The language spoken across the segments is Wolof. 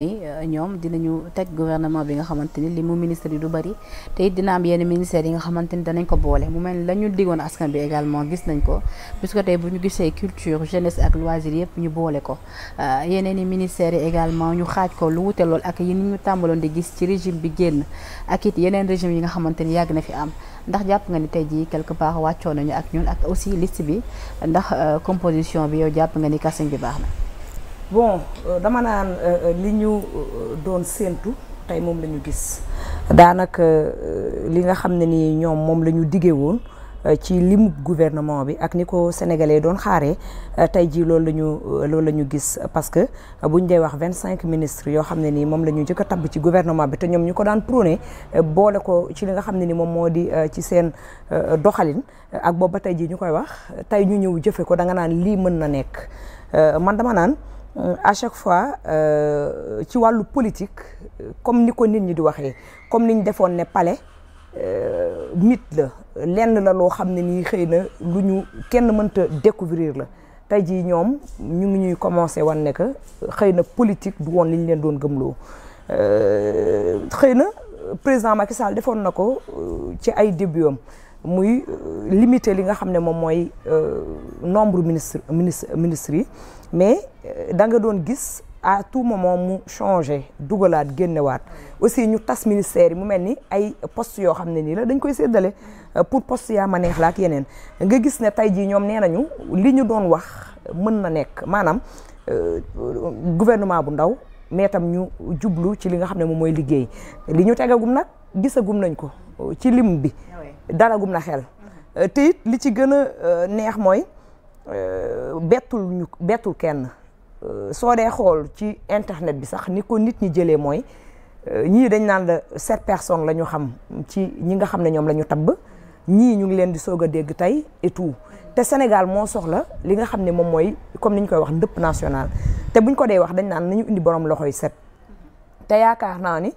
Euh, ñoom dinañu teg gouvernement bi nga xamante ni li mu ministre yi du bëri te it dina am yenn ministères yi nga xamante ni danañ ko boole mu mel ni la ñu diggoon askan bi également gis nañ ko puisque tey bu ñu gisee culture jeunesse ak loisir yëpp ñu boole ko euh, yeneen i ministères yi également ñu xaaj ko lu wute lool ak yi ni ñu tàmbaloon di gis ci régime bi génn ak it yeneen régime yi nga xamante ni yàgg na fi am ndax jàpp nga ni tey jii quelque part wàccoo nañu ak ñun ak aussi liste bi ndax euh, composition bi yow jàpp nga ni casting bi baax na bon euh, dama naan euh, euh, li ñu doon séentu tey moom la ñu gis daanaka li nga xam ne nii ñoom moom la ñu diggee woon ci limu gouvernement bi ak ni ko sénégalais doon xaare tey jii loolu la ñu loolu la ñu gis parce que buñ dee wax vingt cinq ministres yoo xam ne nii moom la ñu jëkk a tabb ci gouvernement bi te ñoom ñu ko daan prôné boole ko ci li nga xam ne ni moom moo di ci seen doxalin ak booba tey jii ñu koy wax tey ñu ñëw jëfe ko da nga naan lii mën na nekk man dama naan Euh, à chaque fois euh, ci wàllu politique euh, comme ni ko nit ñi di waxee comme ni ñu defoon ne palais nit la lenn la loo xam ne nii xëy na lu ñu kenn mënta découvrir la tey jii ñoom ñu ngi ñuy commencé wan ne que xëy na politique du woon li ñu leen doon gëmloo xëy na président Macky Sall defoon na ko ci ay début am muy limiter li nga xam ne moom mooy nombre ministre ministre ministres yi mais euh, da nga doon gis à tout moment mu changé dugalaat génnewaat aussi ñu tas ministère yi mu mel ni ay post yoo xam ne nii la dañ koy séddale euh, pour post yaa ma neex la ak yeneen nga gis ne tey jii ñoom nee nañu li ñu doon wax mën na nekk maanaam euh, gouvernement bu ndaw mais tam ñu jublu ci li nga xam ne moom mooy liggéey li ñu tegagum nag gisagum nañ ko ci lim bi ah dalagum na xel mm-hmm. te li ci gën a neex mooy Euh, bettul ñu bettul kenn euh, soo dee xool ci internet bi sax ni ko nit ñi jëlee mooy euh, ñii dañ naan la cette personne la ñu xam ci ñi nga xam ne ñoom la ñu tabb ñii ñu ngi leen di soog a dégg tey et te Sénégal moo soxla li nga xam ne moom mooy comme ni ñu koy wax ndëpp national te buñ ko dee wax dañ naan nañu indi borom loxoy set te yaakaar naa ni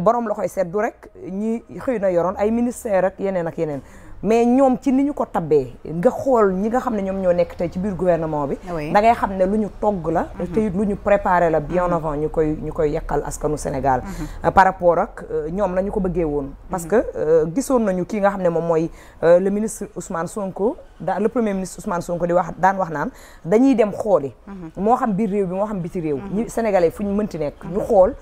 borom loxoy set du rek ñi xëy na yoroon ay ministère ak yeneen ak yeneen mais ñoom ci ni ñu ko tabee nga xool ñi nga xam ne ñoom ñoo nekk tey ci biir gouvernement bi da ngay xam ne lu ñu togg la mhm. te lu ñu préparé la bien mhm. avant ñu koy ñu koy yàqal askanu Sénégal mhm. euh, par rapport ak euh, ñoom la ñu ko bëggee woon parce que euh, gisoon nañu kii nga xam ne moom mooy le ministre Ousmane Sonko daa le premier ministre Ousmane Sonko di wax daan wax naan dañuy dem xooli moo xam biir réew bi moo xam biti réew ñu Sénégalais fu ñu mënti nekk ñu xool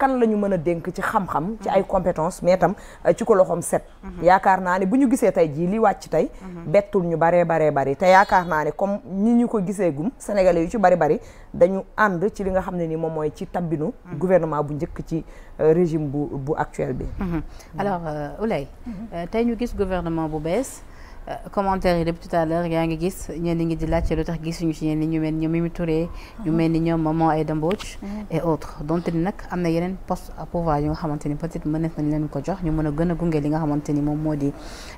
kan la ñu mën a dénk ci xam-xam ci ay compétence mais tam euh, ci ko loxoom set yaakaar naa ne bu ñu gisee tey jii li wàcc tey bettul ñu baree baree bari te yaakaar naa ne comme ni ñu ko gisee gum sénégalais yu ci bari bari dañu ànd ci li nga xam ne ni moom mooy ci tabbinu gouvernement bu njëkk ci euh, régime bu bu actuel bi mhm. alors euh, Oulaye mhm. tey ñu gis gouvernement bu bees Euh, commentaire yi depuis tout yaa ngi gis ñenn ñi di laajte lu tax gisuñu ci ñenn ñu mel ni ñoom Mimi Touré ñu mhm. mel ni ñoom Maman Aïda Mbodj mhm. et autres donte ni nag am na yeneen poste a pouvoir yu nga xamante ni peut-être mënees leen ko jox ñu mën a gën a gunge li nga xamante moom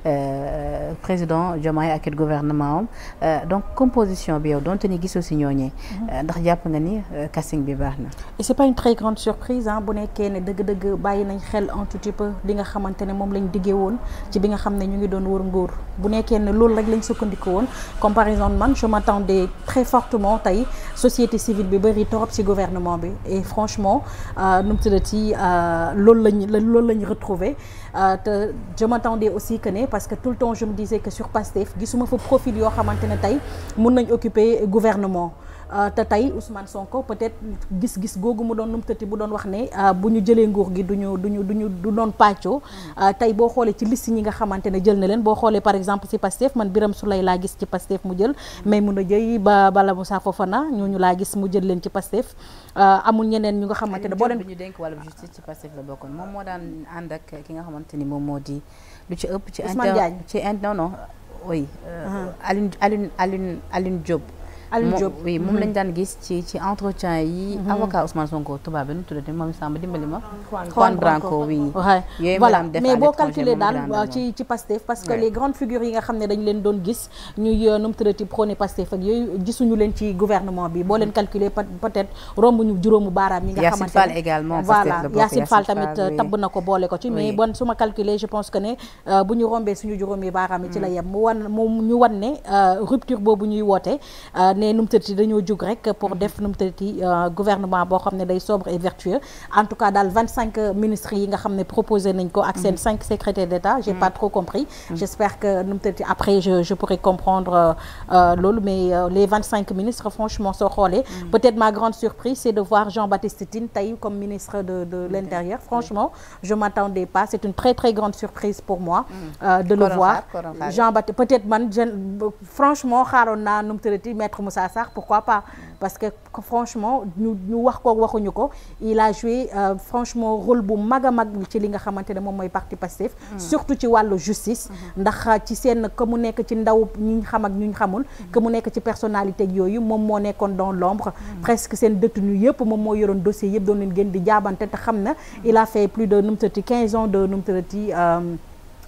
euh, euh, bi yow ni gisoo si ñooñee mhm. ndax jàpp nga ni casting bi baax na et bu nekkee ne dëgg-dëgg ne moom lañ diggee woon ci bi nga xam ñu ngi doon wër nguur nekkee ne loolu rek lañ sukkandiku woon comme par exemple man je m'attendais très fortement tey société civile bi bëri torop ci gouvernement bi et franchement euh, nu mu tuddati euh, loolu lañ loolu lañ retrouvé euh, te je m'attendais aussi que ne parce que tout le temps je me disais que sur Pastef gisuma fa profil yoo xamante ne tey mun nañ occuper gouvernement Euh, te tey Ousmane Sonko peut-être gis-gis googu mu doon numtati bu doon wax ne euh, bu ñu jëlee nguur gi duñu duñu duñu du doon pàccoo mm. euh, tey boo xoolee ci liste ñi nga xamante ne jël na leen boo xoolee par exemple si Pastef man su Souleye laa gis ci Pastef mu jël mun mm. Maïmouna Dièye ba Bala na Fofana ñu laa gis mu jël leen ci Pastef amul ñeneen ñu nga xamante ne boo leen ñu dénk wàllu justice ci Pastef la bokkoon moom moo daan ànd ak ki nga xamante ni moom moo di lu ci ëpp ci Ousmane Diagne ci non non oui uh-huh. Aline Aline Aline Aline Aliou Diop oui moom lañ mhm. daan gis ci ci entretien yi. Mhm. avocat Ousmane Sonko tubaab bi nu mu tuddati moom Samba dimbali ma. Juan Branco oui. yooyu voilà mais boo calculer daal euh, ci ci parce que les grandes figures yi nga xam ne dañ leen doon gis ñuy euh, nu mu tuddati prôné yooyu gisuñu leen ci gouvernement bi boo leen calculer peut romb ñu juróomu baaraam yi nga xamante ne Yacine Fall également tamit tabb na ko boole ko ci mais bon su ma calculer je pense ne nu mu tëddee dañoo jug rek pour def nu mu tëddee euh, gouvernement boo xam ne day sobre et vertueux en tout cas daal vingt cinq ministres yi nga xam ne proposé nañ ko ak seen mhm. cinq secrétaires d'État j'ai pas mhm. trop compris mhm. j'espère que nu mu tëddee après je je pourrai comprendre euh, euh, loolu mais les vingt cinq ministres franchement soo xoolee peut-être ma grande surprise c'est de voir Jean-Baptiste Tine tey comme ministre de de l'Intérieur franchement je m'attendais pas c'est une très très grande surprise pour moi de le voir Jean-Baptiste peut-être man franchement xaaroon naa nu mu tëddee maître Moussa Sarr pourquoi pas parce que franchement ñu wax ko waxuñu ko il a joué euh, franchement rôle bu mag mag ci li nga xamante ne moom mooy parti Pastef mm. surtout ci wàllu justice mm-hmm. ndax ci seen que mu nekk ci ndaw ñu xam ak ñu xamul mm-hmm. que mu nekk ci personnalité yooyu moom moo nekkoon dans l'ombre mm-hmm. presque seen détenu yëpp moom moo yoroon dossier yëpp doon leen gën di jaabante te xam na il a fait plus de numutati quinze ans de numutati euh,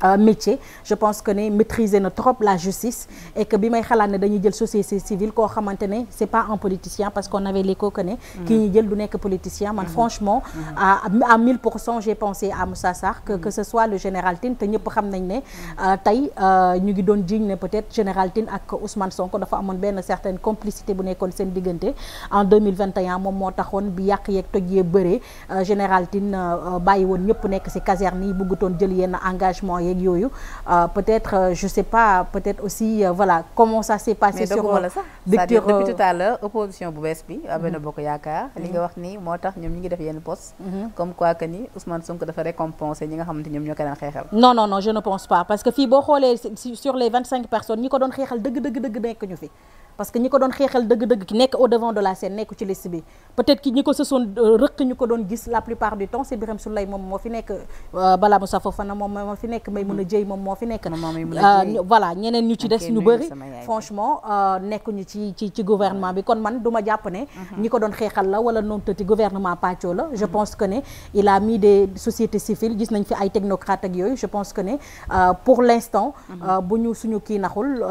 Euh, métier je pense que ne maîtriser na trop la justice et bi may xalaat ne dañuy jël société civile koo xamante ne c'est pas un politicien parce qu'on avait l'écho que ne mm. kii jël du nekk politicien man mm-hmm. franchement mm-hmm. à mille pour cent j'ai pensé à Moussa Sarr que mm-hmm. que ce soit le général Tine te ñëpp xam nañ ne euh, tey euh, ñu ngi doon jiñ ne peut-être général Tine ak Ousmane Sonko dafa amoon benn certaine complicité bu nekkoon seen diggante en 2021 moom moo taxoon bi yàq yeeg toj yee bëree général Tine bàyyi woon ñëpp nekk ci caserne yi bëggutoon jël yenn engagement yi yeeg euh, euh, je sais pas peut aussi euh, voilà comment ça s'est passé sur la depuis tout à opposition bu bees bi Benno mhm. Bokk Yaakaar li nga wax ni moo tax ñoom ñi ngi def yenn poste mhm. comme quoi que ni Ousmane Sonko dafa récompenser ñi nga xamante ñoom ñoo ko xeexal non non non je ne pense pas parce que fii boo xoolee sur les vingt cinq personnes ñi ko doon xeexal dëgg dëgg nekk ñu fi parce que ñi ko doon xeexal dëgg-dëgg ki nekk au devant de la scène nekku ci liste bi peut-être ki ñi ko sësoon euh, rëq ñu ko doon gis la plupart du temps c'est Birame Souleye moom moo fi nekk euh, Bala Moussa Fofana moom moo fi nekk Maimouna Dièye moom moo fi nekk euh, voilà ñeneen ñu ci des ñu bëri franchement nekkuñu ci ci ci gouvernement bi kon man du ma jàpp ne mhm. ñi ko doon xeexal la wala noonu tëti gouvernement pàccoo la je mhm. pense que ne il a mis des sociétés civiles gis nañ fi ay technocrates ak yooyu je pense que ne pour l'instant mhm. bu ñu suñu kii naxul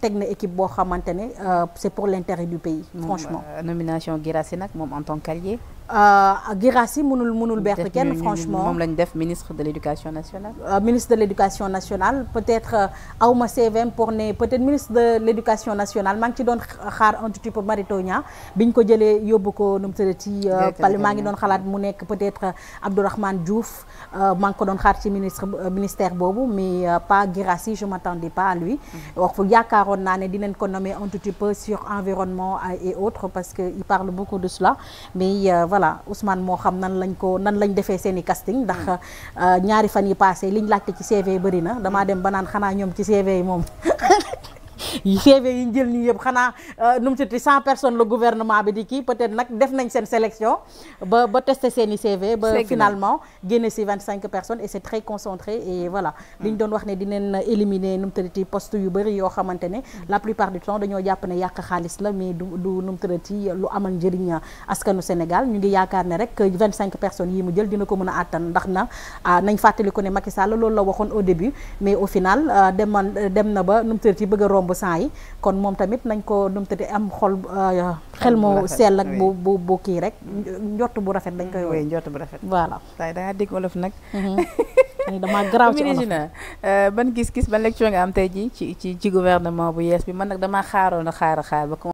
teg na équipe boo xamante ne Euh, c'est pour l'intérêt du pays franchement euh, nomination Guirassy nag moom en tant qu'allié Euh, Guirassy mënul mënul bert kenn franchement moom lañ def ministre de l'éducation nationale euh, ministre de l'éducation nationale peut-être euh, awma CVM pour ne peut-être ministre de l'éducation nationale maa ci doon xaar un petit peu Mary bi ñu ko jëlee yóbbu ko nu mu maa ngi doon xalaat mu nekk peut-être Abdourahmane Diouf maa ngi ko doon xaar ci ministre ministère boobu mais pas Guirassy je m'attendais pas à lui mhm. yaakaaroon naa ne dinañ ko nommer un petit peu sur environnement et autres voilà Ousmane moo xam nan lañ ko nan lañ defee seen i casting ndax euh, ñaari fan yi passé liñ laajte ci CV bëri na damaa dem ba naan xanaa ñoom ci CV yi moom CV yi ñu jël nii yëpp xanaa euh, nu mu tuddati cent di kii peut-être ba ba tester seen CV ba finalement génne si vingt personnes et c'est très concentré et voilà hmm. li doon wax ne dinañ éliminer nu mu tuddati poste yu bëri yoo xamante ne la plupart du temps dañoo jàpp ne yàq xaalis la mais du du nu lu amal njëriñ askanu Sénégal ñu ngi yaakaar ne rek vingt cinq personnes yi mu jël dina ko mën a àttan ndax na ah, nañ fàttali ko ne Macky Sall loolu la waxoon au début mais au final euh, innocent yi kon moom tamit nañ ko numtati am xol euh, xel mu sell ak bu bu bu kii rek njott bu rafet dañ koy wooye njott bu rafet voilà waaye dangaa dégg olof nag mhm. damaa garaaw ci olof euh, ban gis-gis ban lecture nga am tey ji ci ci ci bu yees bi man nag damaa xaaroon a xaar a xaar